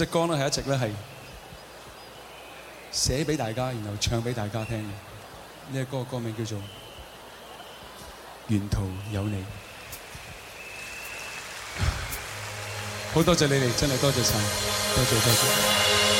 隻歌呢，係一直咧係寫俾大家，然後唱俾大家聽嘅。呢個歌歌名叫做《沿途有你》好。好多謝你哋，真係多謝晒，多謝多謝。謝謝謝謝